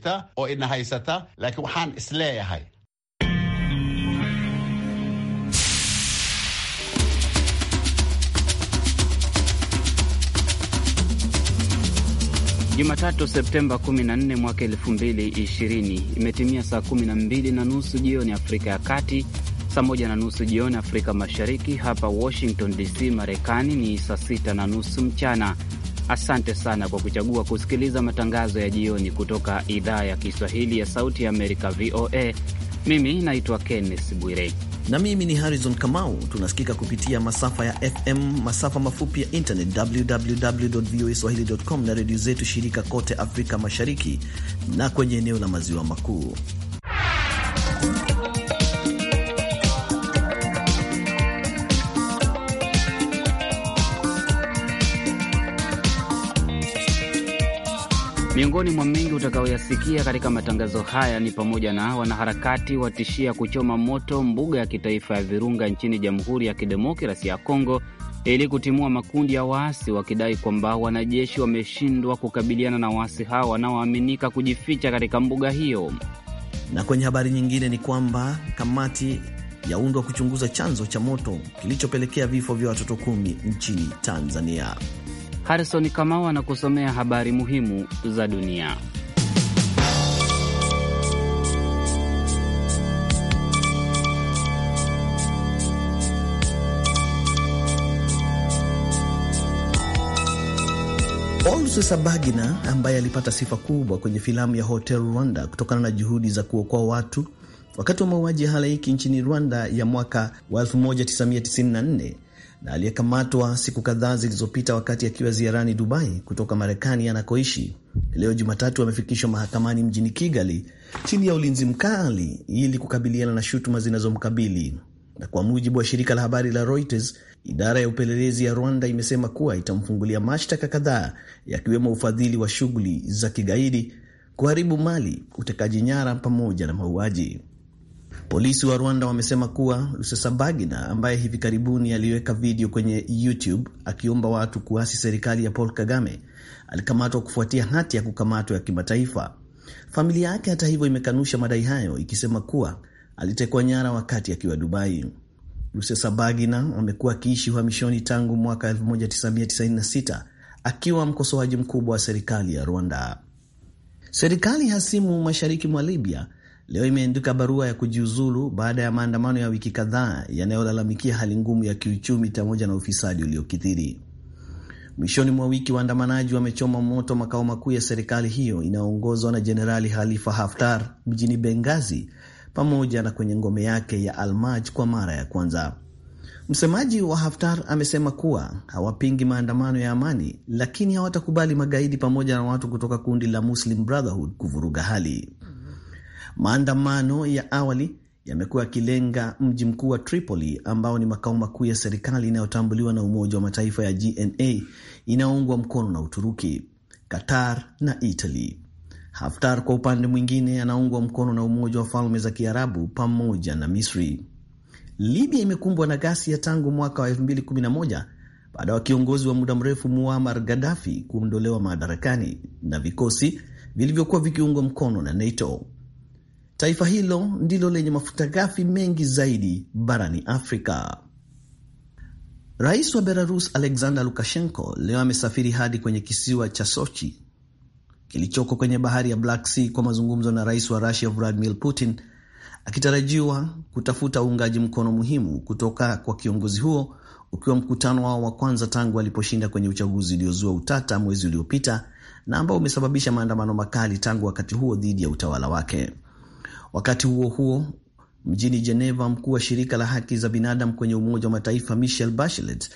jirta oo ina haysata laakiin waxaan isleeyahay Jumatatu Septemba 14 mwaka 2020 imetimia saa 12 na nusu jioni Afrika ya Kati, saa moja na nusu jioni Afrika Mashariki. Hapa Washington DC, Marekani ni saa 6 na nusu mchana. Asante sana kwa kuchagua kusikiliza matangazo ya jioni kutoka idhaa ya Kiswahili ya Sauti ya Amerika, VOA. Mimi naitwa Kenneth Bwire na mimi ni Harrison Kamau. Tunasikika kupitia masafa ya FM, masafa mafupi ya internet, www voa swahili.com, na redio zetu shirika kote Afrika Mashariki na kwenye eneo la Maziwa Makuu. Miongoni mwa mengi utakayoyasikia katika matangazo haya ni pamoja na wanaharakati watishia kuchoma moto mbuga ya kitaifa ya Virunga nchini Jamhuri ya Kidemokrasi ya Kongo ili kutimua makundi ya waasi wakidai kwamba wanajeshi wameshindwa kukabiliana na waasi hao wanaoaminika kujificha katika mbuga hiyo. Na kwenye habari nyingine ni kwamba kamati yaundwa kuchunguza chanzo cha moto kilichopelekea vifo vya watoto kumi nchini Tanzania. Harrison Kamau anakusomea habari muhimu za dunia. Olsu Sabagina ambaye alipata sifa kubwa kwenye filamu ya Hotel Rwanda kutokana na juhudi za kuokoa watu wakati wa mauaji ya halaiki nchini Rwanda ya mwaka wa 1994 na aliyekamatwa siku kadhaa zilizopita wakati akiwa ziarani Dubai kutoka Marekani anakoishi, leo Jumatatu amefikishwa mahakamani mjini Kigali chini ya ulinzi mkali ili kukabiliana na shutuma zinazomkabili. Na kwa mujibu wa shirika la habari la Reuters, idara ya upelelezi ya Rwanda imesema kuwa itamfungulia mashtaka kadhaa yakiwemo ufadhili wa shughuli za kigaidi, kuharibu mali, utekaji nyara pamoja na mauaji. Polisi wa Rwanda wamesema kuwa Rusesabagina ambaye hivi karibuni aliweka video kwenye YouTube akiomba watu kuasi serikali ya Paul Kagame alikamatwa kufuatia hati ya kukamatwa ya kimataifa. Familia yake hata hivyo imekanusha madai hayo ikisema kuwa alitekwa nyara wakati akiwa Dubai. Rusesabagina amekuwa akiishi uhamishoni tangu mwaka 1996 akiwa mkosoaji mkubwa wa serikali ya Rwanda. Serikali hasimu mashariki mwa Libya leo imeandika barua ya kujiuzulu baada ya maandamano ya wiki kadhaa yanayolalamikia hali ngumu ya kiuchumi pamoja na ufisadi uliokithiri. Mwishoni mwa wiki waandamanaji wamechoma moto makao makuu ya serikali hiyo inayoongozwa na Jenerali Halifa Haftar mjini Bengazi pamoja na kwenye ngome yake ya Almaj kwa mara ya kwanza. Msemaji wa Haftar amesema kuwa hawapingi maandamano ya amani, lakini hawatakubali magaidi pamoja na watu kutoka kundi la Muslim Brotherhood kuvuruga hali. Maandamano ya awali yamekuwa yakilenga mji mkuu wa Tripoli ambao ni makao makuu ya serikali inayotambuliwa na Umoja wa Mataifa ya GNA inayoungwa mkono na Uturuki, Qatar na Italy. Haftar kwa upande mwingine anaungwa mkono na Umoja wa Falme za Kiarabu pamoja na Misri. Libya imekumbwa na ghasia tangu mwaka wa 2011 baada ya kiongozi wa muda mrefu Muammar Gaddafi kuondolewa madarakani na vikosi vilivyokuwa vikiungwa mkono na NATO. Taifa hilo ndilo lenye mafuta ghafi mengi zaidi barani Afrika. Rais wa Belarus Alexander Lukashenko leo amesafiri hadi kwenye kisiwa cha Sochi kilichoko kwenye bahari ya Black Sea kwa mazungumzo na rais wa Rusia Vladimir Putin, akitarajiwa kutafuta uungaji mkono muhimu kutoka kwa kiongozi huo, ukiwa mkutano wao wa kwanza tangu aliposhinda kwenye uchaguzi uliozua utata mwezi uliopita na ambao umesababisha maandamano makali tangu wakati huo dhidi ya utawala wake. Wakati huo huo, mjini Geneva, mkuu wa shirika la haki za binadamu kwenye Umoja wa Mataifa michel Bachelet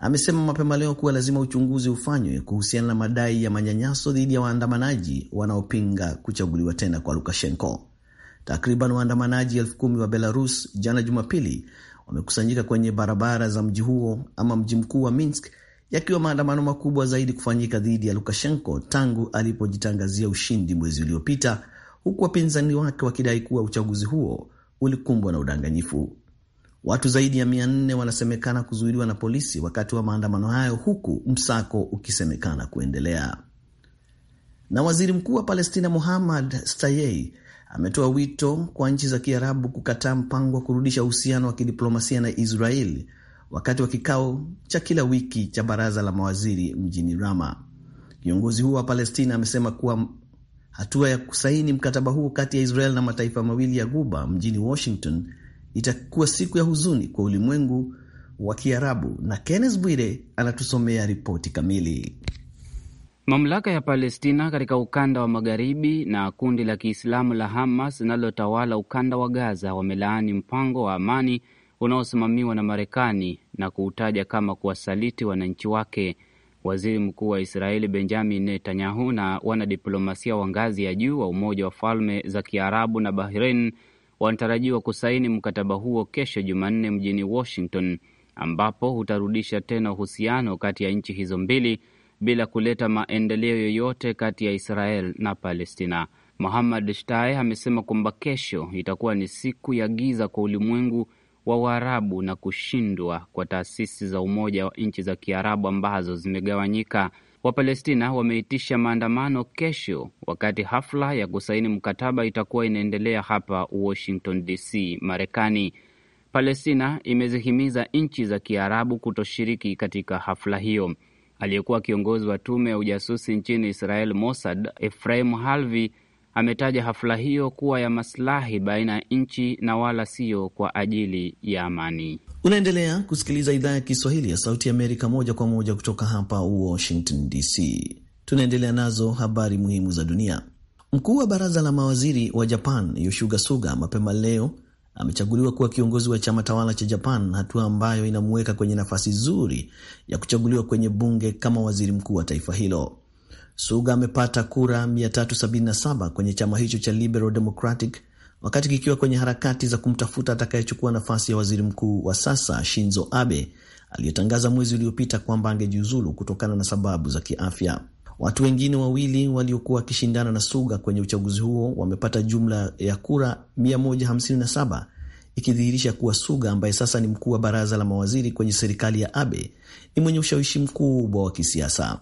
amesema mapema leo kuwa lazima uchunguzi ufanywe kuhusiana na madai ya manyanyaso dhidi ya waandamanaji wanaopinga kuchaguliwa tena kwa Lukashenko. Takriban waandamanaji elfu kumi wa Belarus jana Jumapili wamekusanyika kwenye barabara za mji huo ama mji mkuu wa Minsk, yakiwa maandamano makubwa zaidi kufanyika dhidi ya Lukashenko tangu alipojitangazia ushindi mwezi uliopita huku wapinzani wake wakidai kuwa uchaguzi huo ulikumbwa na udanganyifu. Watu zaidi ya mia nne wanasemekana kuzuiliwa na polisi wakati wa maandamano hayo, huku msako ukisemekana kuendelea. Na waziri mkuu wa Palestina Muhammad Stayei ametoa wito kwa nchi za Kiarabu kukataa mpango wa kurudisha uhusiano wa kidiplomasia na Israel wakati wa kikao cha kila wiki cha baraza la mawaziri mjini Rama. Kiongozi huo wa Palestina amesema kuwa Hatua ya kusaini mkataba huo kati ya Israel na mataifa mawili ya Guba mjini Washington itakuwa siku ya huzuni kwa ulimwengu wa Kiarabu. Na Kenneth Bwire anatusomea ripoti kamili. Mamlaka ya Palestina katika ukanda wa magharibi na kundi la Kiislamu la Hamas linalotawala ukanda wa Gaza wamelaani mpango wa amani unaosimamiwa na Marekani na kuutaja kama kuwasaliti wananchi wake waziri mkuu wa Israeli Benjamin Netanyahu na wanadiplomasia wa ngazi ya juu wa Umoja wa Falme za Kiarabu na Bahrain wanatarajiwa kusaini mkataba huo kesho Jumanne mjini Washington, ambapo utarudisha tena uhusiano kati ya nchi hizo mbili bila kuleta maendeleo yoyote kati ya Israel na Palestina. Muhammad Shtae amesema kwamba kesho itakuwa ni siku ya giza kwa ulimwengu wa Uarabu na kushindwa kwa taasisi za Umoja wa Nchi za Kiarabu ambazo zimegawanyika. Wapalestina wameitisha maandamano kesho, wakati hafla ya kusaini mkataba itakuwa inaendelea hapa Washington DC, Marekani. Palestina imezihimiza nchi za Kiarabu kutoshiriki katika hafla hiyo. Aliyekuwa kiongozi wa tume ya ujasusi nchini Israel, Mossad, efraim Halvi Ametaja hafla hiyo kuwa ya maslahi baina ya nchi na wala siyo kwa ajili ya amani. Unaendelea kusikiliza idhaa ya Kiswahili ya Sauti Amerika moja kwa moja kutoka hapa Washington DC. Tunaendelea nazo habari muhimu za dunia. Mkuu wa baraza la mawaziri wa Japan Yoshuga Suga mapema leo amechaguliwa kuwa kiongozi wa chama tawala cha Japan, hatua ambayo inamuweka kwenye nafasi nzuri ya kuchaguliwa kwenye bunge kama waziri mkuu wa taifa hilo. Suga amepata kura 377 kwenye chama hicho cha Liberal Democratic wakati kikiwa kwenye harakati za kumtafuta atakayechukua nafasi ya waziri mkuu wa sasa Shinzo Abe aliyotangaza mwezi uliopita kwamba angejiuzulu kutokana na sababu za kiafya. Watu wengine wawili waliokuwa wakishindana na Suga kwenye uchaguzi huo wamepata jumla ya kura 157 ikidhihirisha kuwa Suga ambaye sasa ni mkuu wa baraza la mawaziri kwenye serikali ya Abe ni mwenye ushawishi mkubwa wa kisiasa.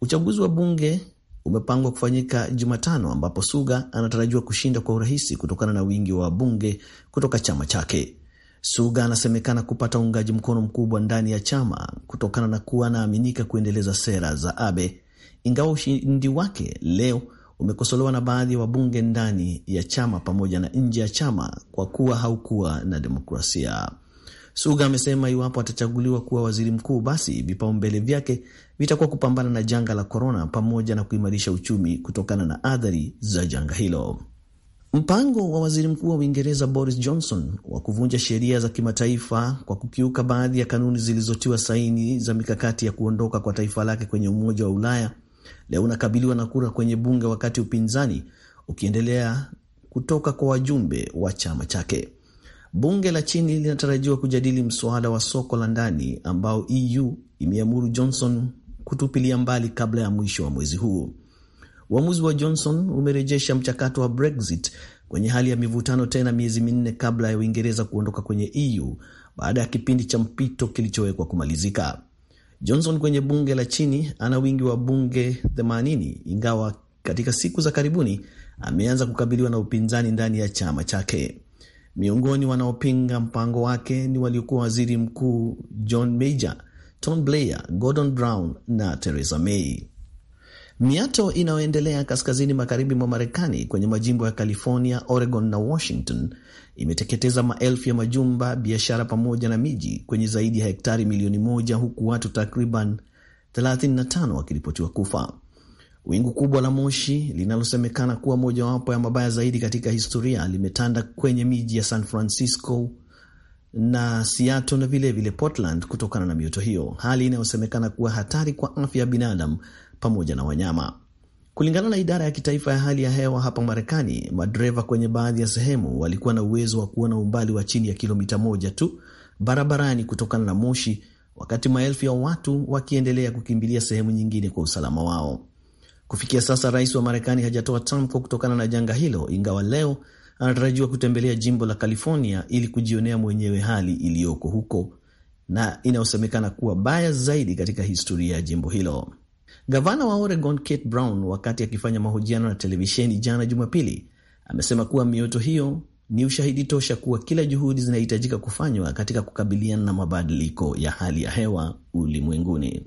Uchaguzi wa bunge umepangwa kufanyika Jumatano ambapo Suga anatarajiwa kushinda kwa urahisi kutokana na wingi wa wabunge kutoka chama chake. Suga anasemekana kupata uungaji mkono mkubwa ndani ya chama kutokana na kuwa anaaminika kuendeleza sera za Abe, ingawa ushindi wake leo umekosolewa na baadhi ya wabunge ndani ya chama pamoja na nje ya chama kwa kuwa haukuwa na demokrasia. Suga amesema iwapo atachaguliwa kuwa waziri mkuu, basi vipaumbele vyake vitakuwa kupambana na janga la korona pamoja na kuimarisha uchumi kutokana na athari za janga hilo. Mpango wa waziri mkuu wa Uingereza Boris Johnson wa kuvunja sheria za kimataifa kwa kukiuka baadhi ya kanuni zilizotiwa saini za mikakati ya kuondoka kwa taifa lake kwenye Umoja wa Ulaya leo unakabiliwa na kura kwenye bunge, wakati upinzani ukiendelea kutoka kwa wajumbe wa chama chake. Bunge la Chini linatarajiwa kujadili mswada wa soko la ndani ambao EU imeamuru Johnson kutupilia mbali kabla ya mwisho wa mwezi huu. Uamuzi wa Johnson umerejesha mchakato wa Brexit kwenye hali ya mivutano tena miezi minne kabla ya Uingereza kuondoka kwenye EU baada ya kipindi cha mpito kilichowekwa kumalizika. Johnson kwenye bunge la chini ana wingi wa bunge 80 ingawa katika siku za karibuni ameanza kukabiliwa na upinzani ndani ya chama chake. Miongoni wanaopinga mpango wake ni waliokuwa waziri mkuu John Major, Tony Blair, Gordon Brown na Theresa May. Miato inayoendelea kaskazini magharibi mwa Marekani kwenye majimbo ya California, Oregon na Washington imeteketeza maelfu ya majumba, biashara pamoja na miji kwenye zaidi ya hektari milioni moja huku watu takriban 35 wakiripotiwa kufa. Wingu kubwa la moshi linalosemekana kuwa mojawapo ya mabaya zaidi katika historia limetanda kwenye miji ya San Francisco na Seattle na vilevile Portland kutokana na mioto hiyo, hali inayosemekana kuwa hatari kwa afya ya binadamu pamoja na wanyama. Kulingana na idara ya kitaifa ya hali ya hewa hapa Marekani, madereva kwenye baadhi ya sehemu walikuwa na uwezo wa kuona umbali wa chini ya kilomita moja tu barabarani kutokana na moshi, wakati maelfu ya watu wakiendelea kukimbilia sehemu nyingine kwa usalama wao. Kufikia sasa rais wa Marekani hajatoa tamko kutokana na janga hilo, ingawa leo anatarajiwa kutembelea jimbo la California ili kujionea mwenyewe hali iliyoko huko na inayosemekana kuwa baya zaidi katika historia ya jimbo hilo. Gavana wa Oregon Kate Brown, wakati akifanya mahojiano na televisheni jana Jumapili, amesema kuwa mioto hiyo ni ushahidi tosha kuwa kila juhudi zinahitajika kufanywa katika kukabiliana na mabadiliko ya hali ya hewa ulimwenguni.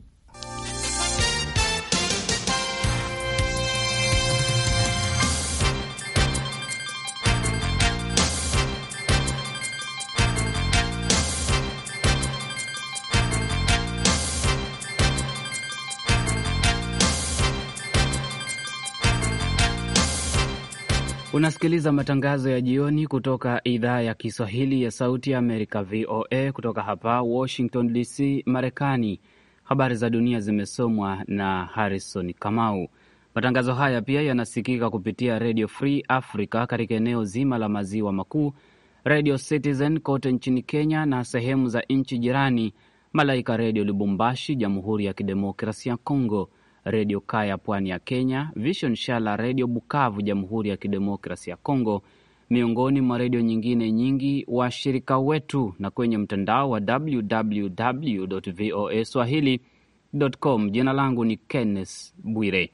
Unasikiliza matangazo ya jioni kutoka idhaa ya Kiswahili ya Sauti ya Amerika, VOA, kutoka hapa Washington DC, Marekani. Habari za dunia zimesomwa na Harrison Kamau. Matangazo haya pia yanasikika kupitia Redio Free Africa katika eneo zima la maziwa makuu, Redio Citizen kote nchini Kenya na sehemu za nchi jirani, Malaika Redio Lubumbashi, Jamhuri ya Kidemokrasia ya Redio Kaya pwani ya Kenya, Vision Shala Redio Bukavu Jamhuri ya Kidemokrasi ya congo miongoni mwa redio nyingine nyingi washirika wetu, na kwenye mtandao wa www voa swahili.com. Jina langu ni Kenneth Bwire.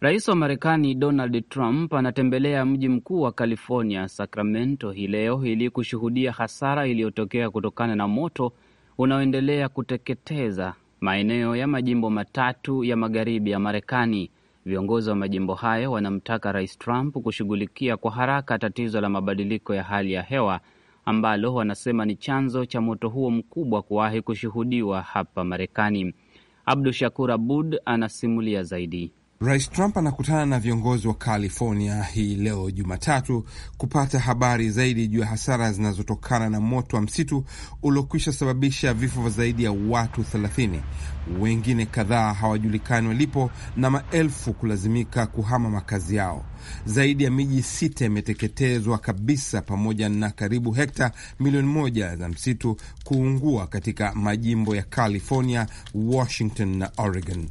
Rais wa Marekani Donald Trump anatembelea mji mkuu wa California, Sacramento, hii leo ili kushuhudia hasara iliyotokea kutokana na moto unaoendelea kuteketeza maeneo ya majimbo matatu ya magharibi ya Marekani. Viongozi wa majimbo hayo wanamtaka Rais Trump kushughulikia kwa haraka tatizo la mabadiliko ya hali ya hewa ambalo wanasema ni chanzo cha moto huo mkubwa kuwahi kushuhudiwa hapa Marekani. Abdu Shakur Abud anasimulia zaidi. Rais Trump anakutana na viongozi wa California hii leo Jumatatu kupata habari zaidi juu ya hasara zinazotokana na moto wa msitu uliokwisha sababisha vifo vya zaidi ya watu 30, wengine kadhaa hawajulikani walipo na maelfu kulazimika kuhama makazi yao zaidi ya miji sita imeteketezwa kabisa pamoja na karibu hekta milioni moja za msitu kuungua katika majimbo ya California, Washington na Oregon.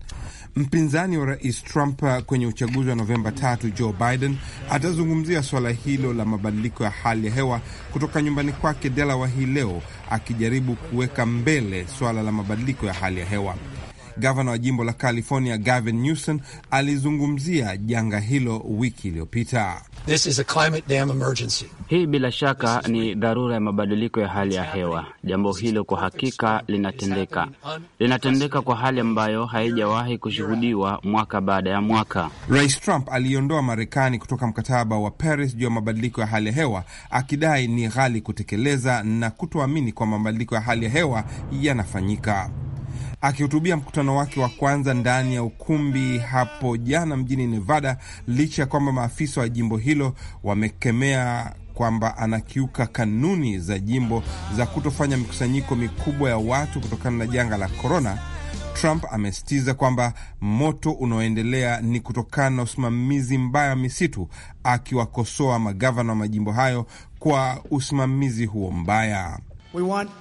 Mpinzani wa rais Trump kwenye uchaguzi wa Novemba tatu, Joe Biden atazungumzia suala hilo la mabadiliko ya hali ya hewa kutoka nyumbani kwake Delaware hii leo, akijaribu kuweka mbele suala la mabadiliko ya hali ya hewa. Gavana wa jimbo la California Gavin Newsom alizungumzia janga hilo wiki iliyopita. Hii bila shaka ni dharura ya mabadiliko ya hali ya hewa. Jambo hilo kwa hakika linatendeka, linatendeka kwa hali ambayo haijawahi kushuhudiwa mwaka baada ya mwaka. Rais Trump aliondoa Marekani kutoka mkataba wa Paris juu ya mabadiliko ya hali ya hewa, akidai ni ghali kutekeleza na kutoamini kwa mabadiliko ya hali ya hewa yanafanyika akihutubia mkutano wake wa kwanza ndani ya ukumbi hapo jana mjini Nevada, licha ya kwamba maafisa wa jimbo hilo wamekemea kwamba anakiuka kanuni za jimbo za kutofanya mikusanyiko mikubwa ya watu kutokana na janga la korona. Trump amesisitiza kwamba moto unaoendelea ni kutokana na usimamizi mbaya wa misitu, akiwakosoa magavana wa majimbo hayo kwa usimamizi huo mbaya. We want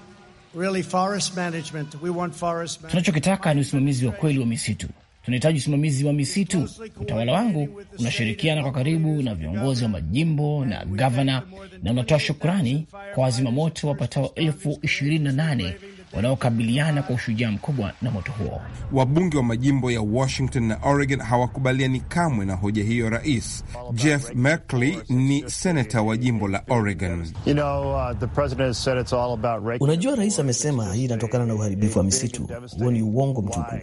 really forest management. We want forest management. Tunachokitaka ni usimamizi wa kweli wa misitu. Tunahitaji usimamizi wa misitu. Utawala wangu unashirikiana kwa karibu na viongozi wa majimbo na gavana, na unatoa shukrani kwa wazima moto wapatao elfu ishirini na nane wanaokabiliana kwa ushujaa mkubwa na moto huo. Wabunge wa majimbo ya Washington na Oregon hawakubaliani kamwe na hoja hiyo. Rais Jeff Merkley ni senata wa jimbo la Oregon. You know, uh, unajua rais amesema hii inatokana na uharibifu wa misitu. Huo ni uongo mtupu.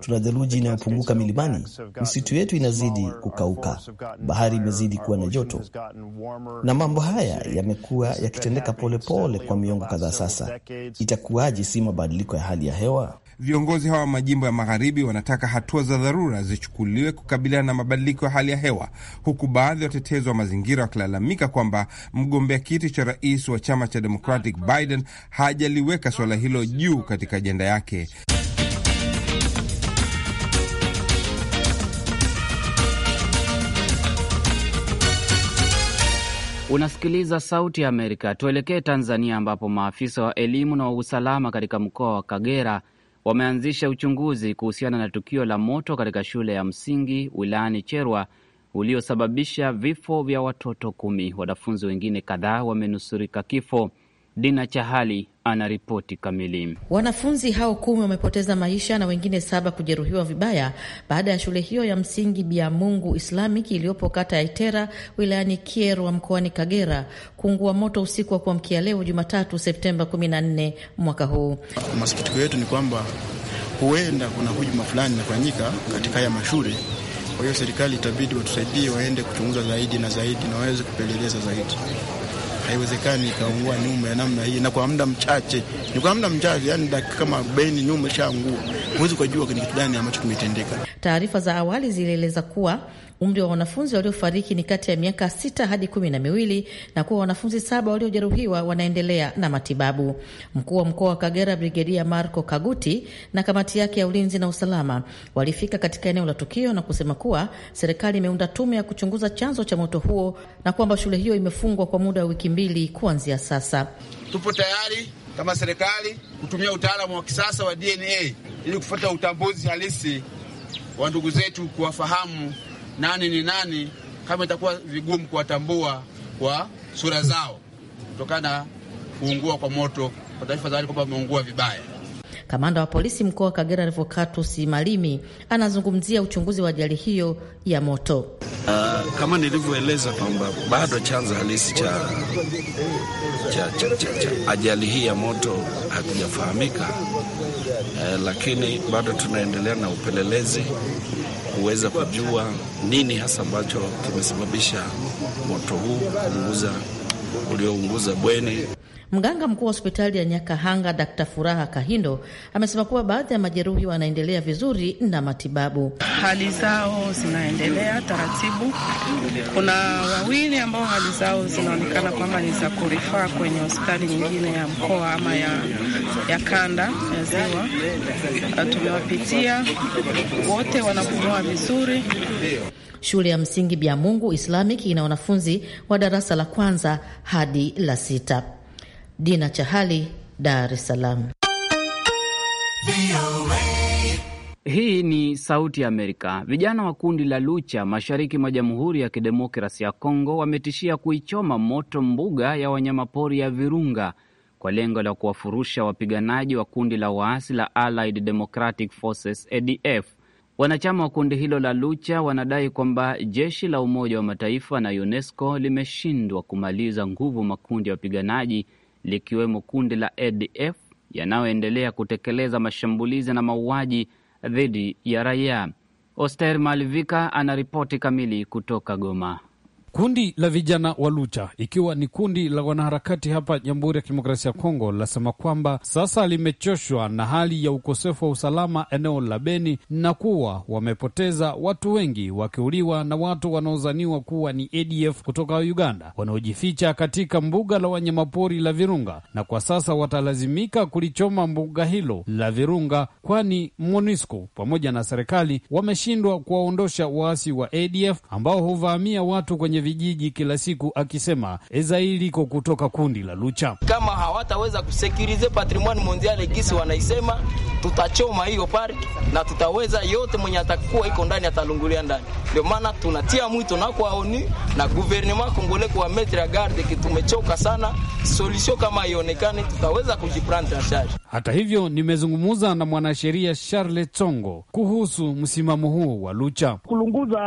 Tuna theluji inayopunguka milimani, misitu yetu inazidi kukauka, bahari imezidi kuwa na joto, na mambo haya yamekuwa yakitendeka polepole kwa miongo kadhaa sasa. Itakuwaje uwekezaji, si mabadiliko ya hali ya hewa. Viongozi hawa wa majimbo ya magharibi wanataka hatua za dharura zichukuliwe kukabiliana na mabadiliko ya hali ya hewa, huku baadhi ya watetezi wa mazingira wakilalamika kwamba mgombea kiti cha rais wa chama cha Democratic Biden hajaliweka suala hilo juu katika ajenda yake. Unasikiliza Sauti ya Amerika. Tuelekee Tanzania, ambapo maafisa wa elimu na wa usalama katika mkoa wa Kagera wameanzisha uchunguzi kuhusiana na tukio la moto katika shule ya msingi wilayani Cherwa uliosababisha vifo vya watoto kumi. Wanafunzi wengine kadhaa wamenusurika kifo. Dina Chahali anaripoti kamili. Wanafunzi hao kumi wamepoteza maisha na wengine saba kujeruhiwa vibaya baada ya shule hiyo ya msingi Biamungu Islamic iliyopo kata ya Itera wilayani Kierwa mkoani Kagera kuungua moto usiku wa kuamkia leo Jumatatu Septemba 14 mwaka huu. Masikitiko yetu ni kwamba huenda kuna hujuma fulani inafanyika katika haya mashule. Kwa hiyo serikali itabidi watusaidie, waende kuchunguza zaidi na zaidi na waweze kupeleleza zaidi haiwezekani ikaungua nyumba ya namna hii, na kwa muda mchache, ni kwa muda mchache, yani dakika kama arobaini nyumba ishaungua, huwezi kujua ni kitu gani ambacho kimetendeka. Taarifa za awali zilieleza kuwa Umri wa wanafunzi waliofariki ni kati ya miaka sita hadi kumi na miwili na kuwa wanafunzi saba waliojeruhiwa wanaendelea na matibabu. Mkuu wa mkoa wa Kagera Brigedia Marco Kaguti na kamati yake ya ulinzi na usalama walifika katika eneo la tukio na kusema kuwa serikali imeunda tume ya kuchunguza chanzo cha moto huo na kwamba shule hiyo imefungwa kwa muda wa wiki mbili kuanzia sasa. Tupo tayari kama serikali kutumia utaalamu wa kisasa wa DNA ili kufuata utambuzi halisi wa ndugu zetu, kuwafahamu nani ni nani, kama itakuwa vigumu kuwatambua kwa sura zao kutokana na kuungua kwa moto kwa taarifa za kwamba wameungua vibaya. Kamanda wa polisi mkoa wa Kagera Revocatus Malimi anazungumzia uchunguzi wa ajali hiyo ya moto. Uh, kama nilivyoeleza kwamba bado chanzo halisi cha, cha, cha, cha, cha ajali hii ya moto hakijafahamika, uh, eh, lakini bado tunaendelea na upelelezi kuweza kujua nini hasa ambacho kimesababisha moto huu kuunguza uliounguza bweni. Mganga mkuu wa hospitali ya Nyakahanga Dkt. Furaha Kahindo amesema kuwa baadhi ya majeruhi wanaendelea vizuri na matibabu. Hali zao zinaendelea taratibu. Kuna wawili ambao hali zao zinaonekana kwamba ni za kurifaa kwenye hospitali nyingine ya mkoa ama ya, ya kanda ya Ziwa. Tumewapitia wote, wanapumua vizuri. Shule ya msingi Mungu Islamic ina wanafunzi wa darasa la kwanza hadi la sita. Dina Chahali, Dar es Salaam. Hii ni Sauti ya Amerika. Vijana wa kundi la Lucha mashariki mwa Jamhuri ya Kidemokrasi ya Kongo wametishia kuichoma moto mbuga ya wanyamapori ya Virunga kwa lengo la kuwafurusha wapiganaji wa kundi la waasi la Allied Democratic Forces ADF. Wanachama wa kundi hilo la Lucha wanadai kwamba jeshi la Umoja wa Mataifa na UNESCO limeshindwa kumaliza nguvu makundi ya wapiganaji likiwemo kundi la ADF yanayoendelea kutekeleza mashambulizi na mauaji dhidi ya raia. Oster Malivika anaripoti kamili kutoka Goma. Kundi la vijana wa Lucha ikiwa ni kundi la wanaharakati hapa Jamhuri ya Kidemokrasia ya Kongo linasema kwamba sasa limechoshwa na hali ya ukosefu wa usalama eneo la Beni na kuwa wamepoteza watu wengi wakiuliwa na watu wanaozaniwa kuwa ni ADF kutoka Uganda wanaojificha katika mbuga la wanyamapori la Virunga, na kwa sasa watalazimika kulichoma mbuga hilo la Virunga, kwani MONUSCO pamoja na serikali wameshindwa kuwaondosha waasi wa ADF ambao huvamia watu kwenye kwenye vijiji kila siku, akisema Ezaili iko kutoka kundi la Lucha. Kama hawataweza kusekirize patrimoine mondiale gisi wanaisema, tutachoma hiyo park na tutaweza yote, mwenye atakuwa iko ndani atalungulia ndani. Ndio maana tunatia mwito na kwa ONU na gouvernement Kongole kwa metre garde kitumechoka sana, solution kama ionekane, tutaweza kujipranta charge. Hata hivyo, nimezungumza na mwanasheria Charles Tsongo kuhusu msimamo huu wa Lucha. Kulunguza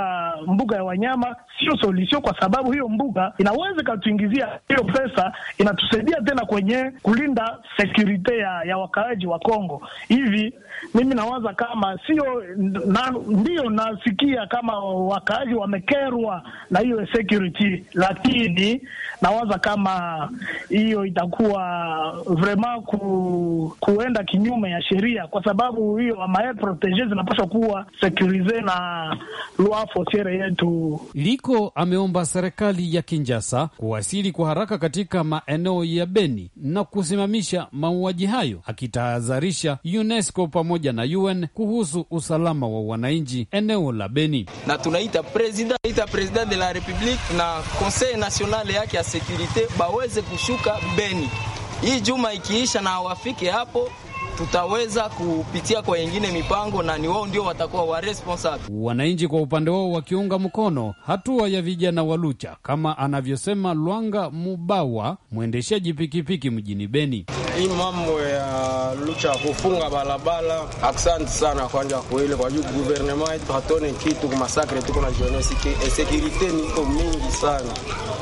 mbuga ya wanyama sio solution hiyo, kwa sababu hiyo mbuga inaweza ikatuingizia hiyo pesa, inatusaidia tena kwenye kulinda sekurite ya, ya wakaaji wa Kongo. Hivi mimi nawaza kama sio na, ndiyo nasikia kama wakaaji wamekerwa na hiyo security, lakini nawaza kama hiyo itakuwa vrema ku, kuenda kinyume ya sheria, kwa sababu hiyo amae protege zinapaswa kuwa securize na loi frontiere yetu liko ameom kuomba serikali ya Kinjasa kuwasili kwa haraka katika maeneo ya Beni na kusimamisha mauaji hayo, akitahadharisha UNESCO pamoja na UN kuhusu usalama wa wananchi eneo la Beni. Na tunaita president ita president de la republique na conseil national yake ya securite baweze kushuka Beni hii juma ikiisha, na wafike hapo tutaweza kupitia kwa wengine mipango, na ni wao ndio watakuwa wa responsible. Wananchi kwa upande wao wakiunga mkono hatua ya vijana wa Lucha, kama anavyosema Lwanga Mubawa, mwendeshaji pikipiki mjini Beni hii mambo ya Lucha kufunga barabara, asante sana kwanja kuile kwa juu guvernema yetu hatone kitu kumasakre, tuko na jione sekirite niko mingi sana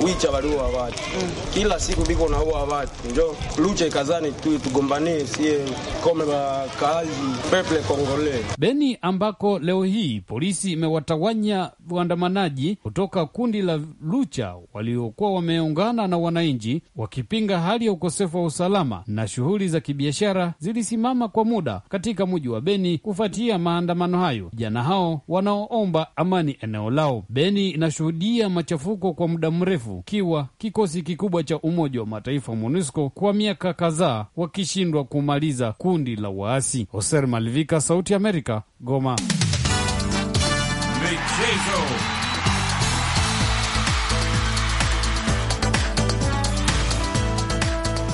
wicha waliua watu mm. kila siku biko naua watu, njo Lucha ikazani tu tugombanie sie kome bakaazi peple kongole Beni, ambako leo hii polisi imewatawanya waandamanaji kutoka kundi la Lucha waliokuwa wameungana na wananchi wakipinga hali ya ukosefu wa usalama, na shughuli za kibiashara zilisimama kwa muda katika mji wa Beni kufuatia maandamano hayo. Vijana hao wanaoomba amani eneo lao. Beni inashuhudia machafuko kwa muda mrefu, ikiwa kikosi kikubwa cha Umoja wa Mataifa MONUSCO kwa miaka kadhaa wakishindwa kumaliza kundi la waasi. Hoser Malivika, Sauti Amerika, Goma michezo.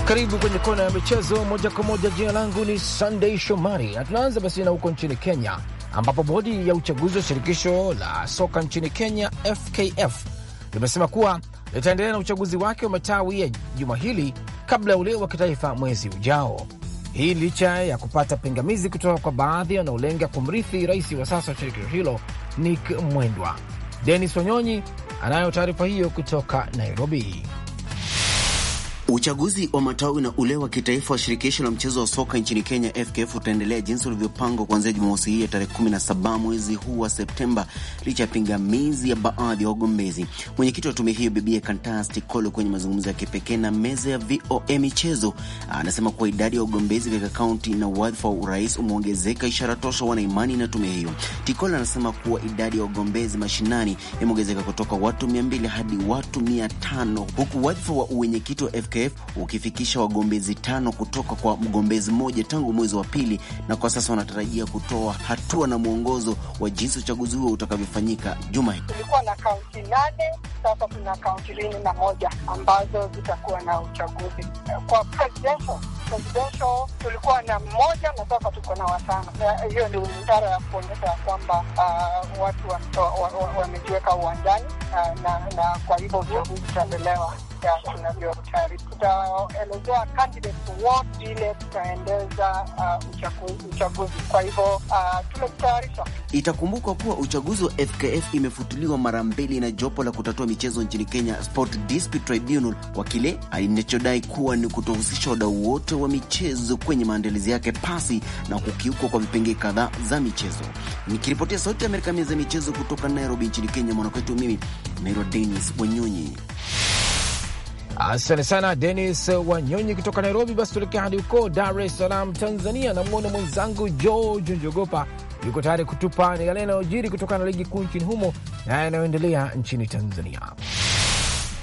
Karibu kwenye kona ya michezo moja kwa moja. Jina langu ni Sunday Shomari na tunaanza basi na huko nchini Kenya, ambapo bodi ya uchaguzi wa shirikisho la soka nchini Kenya FKF limesema kuwa litaendelea na uchaguzi wake wa matawi ya juma hili kabla ya ule wa kitaifa mwezi ujao. Hii licha ya kupata pingamizi kutoka kwa baadhi wanaolenga kumrithi rais wa sasa wa shirikisho hilo Nick Mwendwa. Denis Wanyonyi anayo taarifa hiyo kutoka Nairobi. Uchaguzi wa matawi na ule wa kitaifa wa shirikisho la mchezo wa soka nchini Kenya FKF utaendelea jinsi ulivyopangwa kuanzia Jumamosi hii ya tarehe 17 mwezi huu wa Septemba, licha ya pingamizi ya baadhi ya wagombezi. Mwenyekiti wa tume hiyo Bibi Kantasti Kolo, kwenye mazungumzo ya kipekee na meza ya VOA Michezo, anasema kuwa idadi ya wagombezi katika kaunti na wadhifa wa urais umeongezeka, ishara tosha wana imani na tume hiyo. Tikolo anasema kuwa idadi ya wagombezi mashinani imeongezeka kutoka watu 200 hadi watu 500 huku wadhifa wa uwenyekiti wa FKF UPF ukifikisha wagombezi tano kutoka kwa mgombezi mmoja tangu mwezi wa pili, na kwa sasa wanatarajia kutoa hatua na mwongozo wa jinsi uchaguzi huo utakavyofanyika juma hii Tulikuwa na kaunti nane, sasa tuna kaunti ishirini na moja ambazo zitakuwa na uchaguzi kwa presidential presidential tulikuwa na mmoja na sasa tuko na watano. Hiyo ni ishara ya kuonyesha ya kwamba uh, watu wamejiweka wa, wa, wa uwanjani uh, na, na kwa hivyo uchaguzi utachelewa jinsi tunavyotaarifu, tutaelezea candidates wote ile tutaendeza uh, uchaguzi. Kwa hivyo uh, tumekutayarisha. Itakumbukwa kuwa uchaguzi wa FKF imefutuliwa mara mbili na jopo la kutatua michezo nchini Kenya, Sport Dispute Tribunal, kwa kile inachodai kuwa ni kutohusisha wadau wote wa michezo kwenye maandalizi yake pasi na kukiukwa kwa vipengee kadhaa za michezo. Nikiripotia Sauti ya Amerika meza michezo kutoka Nairobi nchini Kenya, mwanakwetu mimi Nairo Denis Wanyonyi. Asante sana Denis Wanyonyi kutoka Nairobi. Basi tuelekea hadi huko Dar es Salaam, Tanzania. Namwona mwenzangu George Njogopa yuko tayari kutupa yale yanayojiri kutokana na ligi kuu nchini humo na yanayoendelea nchini Tanzania.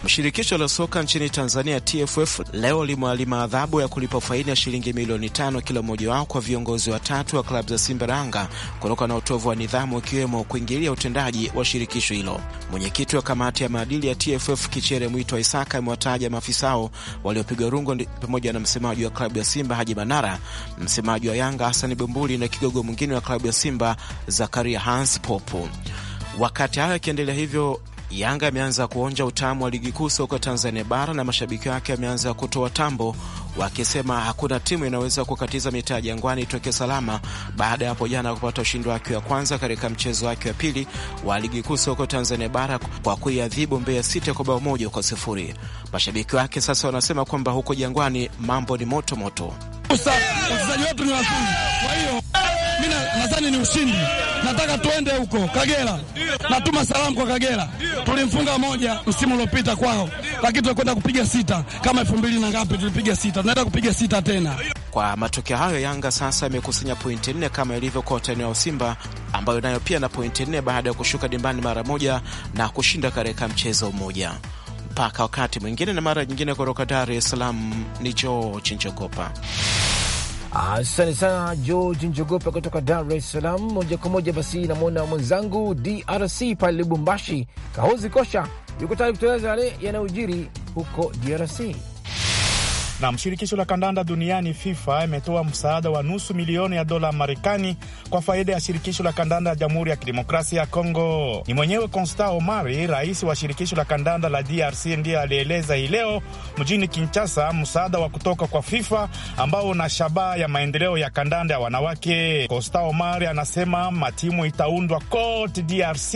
Shirikisho la soka nchini Tanzania TFF leo limwalima adhabu ya kulipa faini ya shilingi milioni tano kila mmoja wao kwa viongozi watatu wa klabu za Simba na Yanga kutoka na utovu wa nidhamu, ikiwemo kuingilia utendaji wa shirikisho hilo. Mwenyekiti wa kamati ya maadili ya TFF Kichere Mwito Isaka amewataja maafisao waliopigwa rungo pamoja na msemaji wa klabu ya Simba Haji Manara, msemaji wa Yanga Hasani Bumbuli na kigogo mwingine wa klabu ya Simba Zakaria Hans Popo. Wakati hayo akiendelea hivyo, Yanga ameanza kuonja utamu wa ligi kuu soka Tanzania bara na mashabiki wake wameanza kutoa tambo wakisema hakuna timu inaweza kukatiza mitaa Jangwani itoke salama baada ya hapo jana kupata ushindi wake wa kwanza katika mchezo wake wa pili wa ligi kuu soko Tanzania bara kwa kuiadhibu Mbeya City kwa bao moja kwa sifuri. Mashabiki wake sasa wanasema kwamba huko Jangwani mambo ni moto moto. Usa, mimi nadhani ni ushindi. Nataka tuende huko Kagera, natuma salamu kwa Kagera. Tulimfunga moja msimu uliopita kwao, lakini tunakwenda kupiga sita kama elfu mbili na ngapi, tulipiga sita, tunaenda kupiga sita tena. Kwa matokeo hayo, Yanga sasa imekusanya pointi nne kama ilivyo kwa watani Simba ambayo nayo pia na pointi nne baada ya kushuka dimbani mara moja na kushinda katika mchezo mmoja. Mpaka wakati mwingine na mara nyingine, kutoka Dar es Salaam ni George Asante sana George Njogopa kutoka Dar es Salaam. Moja kwa moja basi, namwona mwenzangu DRC pale Lubumbashi, Kahozi Kosha yuko tayari kutueleza yale yanayojiri huko DRC. Na mshirikisho la kandanda duniani FIFA imetoa msaada wa nusu milioni ya dola Marekani kwa faida ya shirikisho la kandanda ya Jamhuri ya Kidemokrasia ya Kongo. Ni mwenyewe Constant Omari, rais wa shirikisho la kandanda la DRC, ndiye alieleza hii leo mjini Kinshasa msaada wa kutoka kwa FIFA ambao una shabaha ya maendeleo ya kandanda ya wanawake. Constant Omari anasema matimu itaundwa kote DRC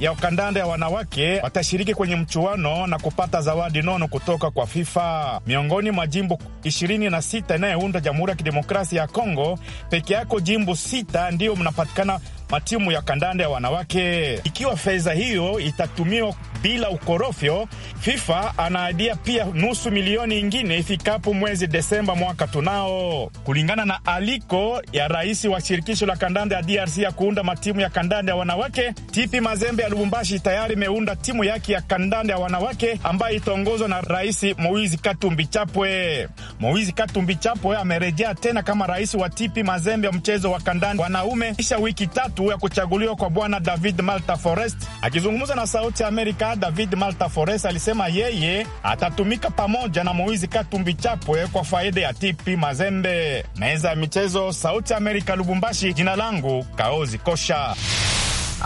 ya kandanda ya wanawake, watashiriki kwenye mchuano na kupata zawadi nono kutoka kwa FIFA miongoni mwa majimbo 26 inayounda Jamhuri ya Kidemokrasia ya Kongo, peke yako jimbo sita ndiyo mnapatikana matimu ya kandanda ya wanawake. Ikiwa fedha hiyo itatumiwa bila ukorofyo, FIFA anaadia pia nusu milioni ingine ifikapo mwezi Desemba mwaka tunao, kulingana na aliko ya rais wa shirikisho la kandanda ya DRC ya kuunda matimu ya kandanda ya wanawake. Tipi Mazembe ya Lubumbashi tayari imeunda timu yake ya kandanda ya wanawake ambayo itaongozwa na rais Moizi Katumbi Chapwe. Moizi Katumbi Chapwe amerejea tena kama rais wa Tipi Mazembe ya mchezo wa kandanda wanaume kisha wiki tatu siku ya kuchaguliwa kwa bwana David Malta Forest. Akizungumza na Sauti ya Amerika, David Malta Forest alisema yeye atatumika pamoja na Moizi Katumbi Chapwe kwa faida ya TP Mazembe. Meza ya michezo, Sauti ya Amerika, Lubumbashi. Jina langu Kaozi Kosha.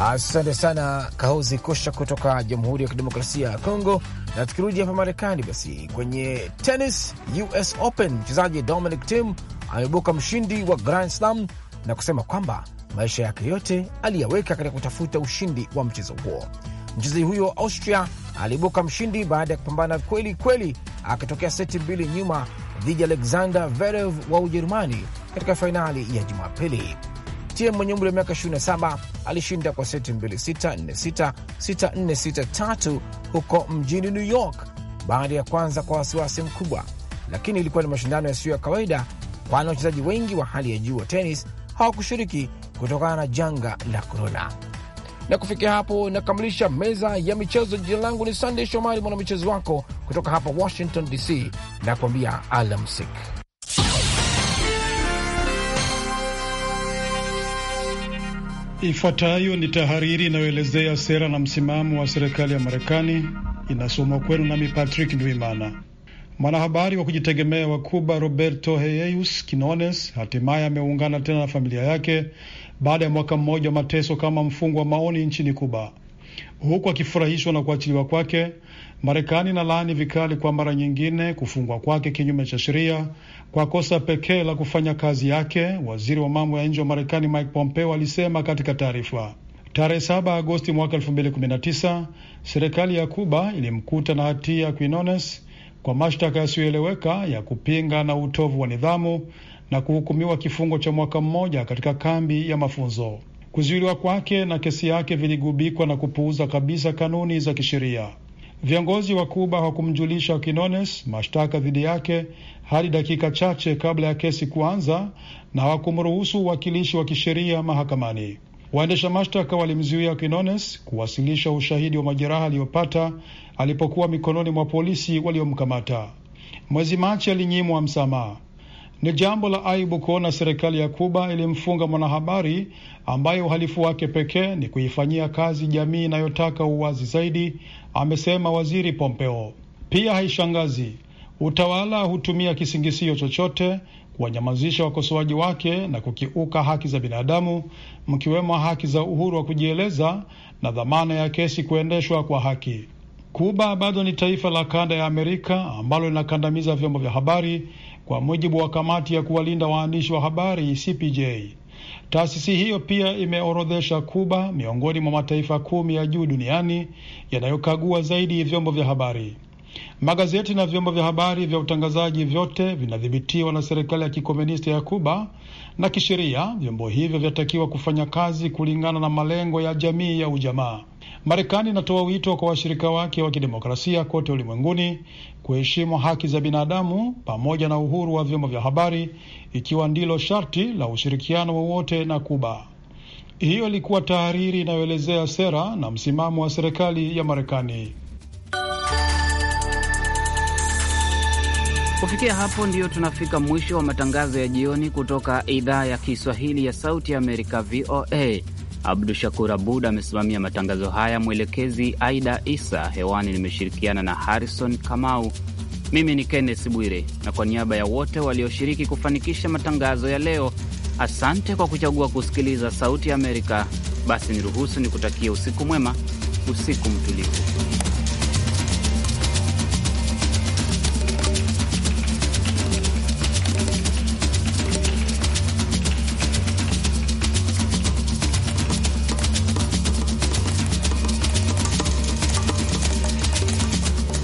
Asante sana Kaozi Kosha kutoka Jamhuri ya Kidemokrasia ya Kongo. Na tukirudi hapa Marekani, basi kwenye tennis, US Open, mchezaji Dominic Tim amebuka mshindi wa Grand Slam na kusema kwamba maisha yake yote aliyaweka katika kutafuta ushindi wa mchezo huo. Mchezaji huyo wa Austria aliibuka mshindi baada ya kupambana kweli kweli, akitokea seti mbili nyuma dhidi ya Alexander Verev wa Ujerumani katika fainali ya Jumapili. Tiem mwenye umri wa miaka 27 alishinda kwa seti 2646 huko mjini New York baada ya kwanza kwa wasiwasi mkubwa, lakini ilikuwa ni mashindano yasiyo ya kawaida, kwani wachezaji wengi wa hali ya juu wa tenis hawakushiriki kutokana na janga la korona. Na kufikia hapo nakamilisha meza ya michezo. Jina langu ni Sandey Shomari, mwanamichezo wako kutoka hapa Washington DC, na kuambia alamsik. Ifuatayo ni tahariri inayoelezea sera na msimamo wa serikali ya Marekani. Inasomwa kwenu nami Patrick Ndwimana. Mwanahabari wa kujitegemea wa Kuba Roberto heeus Kinones hatimaye ameungana tena na familia yake baada ya mwaka mmoja wa mateso kama mfungwa wa maoni nchini Kuba. Huku akifurahishwa na kuachiliwa kwake, Marekani na laani vikali kwa mara nyingine kufungwa kwake kinyume cha sheria kwa kosa pekee la kufanya kazi yake, waziri wa mambo ya nje wa Marekani Mike Pompeo alisema katika taarifa. Tarehe 7 Agosti mwaka tisa serikali ya Kuba ilimkuta na hatia Quinones kwa mashtaka yasiyoeleweka ya kupinga na utovu wa nidhamu na kuhukumiwa kifungo cha mwaka mmoja katika kambi ya mafunzo. Kuzuiliwa kwake na kesi yake viligubikwa na kupuuza kabisa kanuni za kisheria. Viongozi wa Kuba hawakumjulisha Quinones mashtaka dhidi yake hadi dakika chache kabla ya kesi kuanza, na hawakumruhusu uwakilishi wa kisheria mahakamani. Waendesha mashtaka walimzuia Quinones kuwasilisha ushahidi wa majeraha aliyopata alipokuwa mikononi mwa polisi waliomkamata. Mwezi Machi alinyimwa msamaha. Ni jambo la aibu kuona serikali ya Kuba ilimfunga mwanahabari ambaye uhalifu wake pekee ni kuifanyia kazi jamii inayotaka uwazi zaidi, amesema waziri Pompeo. Pia haishangazi utawala hutumia kisingisio chochote kuwanyamazisha wakosoaji wake na kukiuka haki za binadamu, mkiwemo haki za uhuru wa kujieleza na dhamana ya kesi kuendeshwa kwa haki. Kuba bado ni taifa la kanda ya Amerika ambalo linakandamiza vyombo vya habari kwa mujibu wa kamati ya kuwalinda waandishi wa habari CPJ. Taasisi hiyo pia imeorodhesha Kuba miongoni mwa mataifa kumi ya juu duniani yanayokagua zaidi vyombo vya habari. Magazeti na vyombo vya habari vya utangazaji vyote vinadhibitiwa na serikali ya kikomunisti ya Kuba, na kisheria vyombo hivyo vyatakiwa kufanya kazi kulingana na malengo ya jamii ya ujamaa. Marekani inatoa wito kwa washirika wake wa kidemokrasia kote ulimwenguni kuheshimu haki za binadamu pamoja na uhuru wa vyombo vya habari, ikiwa ndilo sharti la ushirikiano wowote na Kuba. Hiyo ilikuwa tahariri inayoelezea sera na msimamo wa serikali ya Marekani. Kufikia hapo ndiyo tunafika mwisho wa matangazo ya jioni kutoka idhaa ya Kiswahili ya Sauti ya Amerika, VOA. Abdu Shakur Abud amesimamia matangazo haya, mwelekezi Aida Isa. Hewani nimeshirikiana na Harrison Kamau. Mimi ni kennes Bwire, na kwa niaba ya wote walioshiriki kufanikisha matangazo ya leo, asante kwa kuchagua kusikiliza Sauti ya Amerika. Basi niruhusu nikutakie usiku mwema, usiku mtulivu.